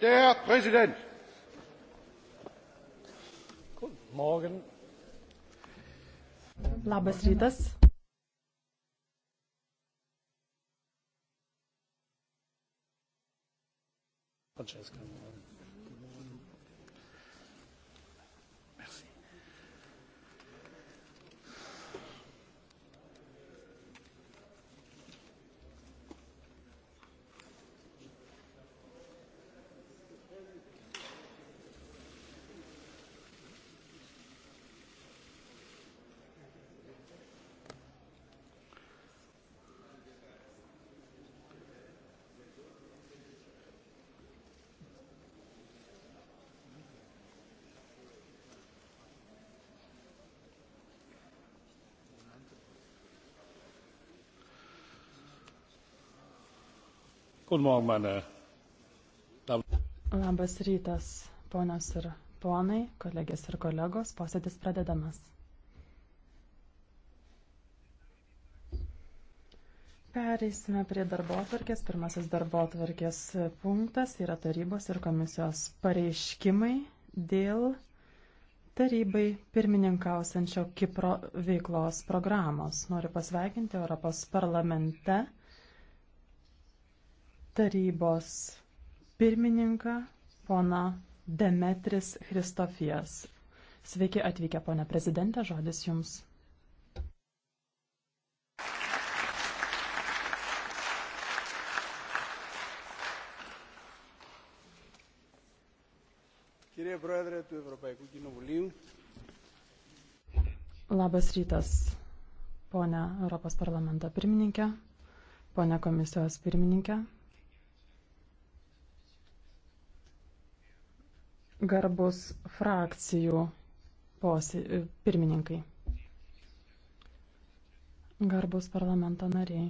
Der Präsident. Guten Morgen. Labas rytas. Francesca. Labas rytas, ponios ir ponai, kolegės ir kolegos, posėdis pradedamas. Pereisime prie darbotvarkės. Pirmasis darbotvarkės punktas yra tarybos ir komisijos pareiškimai dėl tarybai pirmininkausiančio Kipro veiklos programos. Noriu pasveikinti Europos parlamente tarybos pirmininką poną Demetris Kristofijas. Sveiki atvykę, ponė prezidentė, žodis jums. Κύριε Πρόεδρε του Ευρωπαϊκού Κοινοβουλίου. Labas rytas, ponia Europos parlamento pirmininkė, ponia komisijos pirmininkė, garbus frakcijų posi, pirmininkai, garbus parlamento nariai.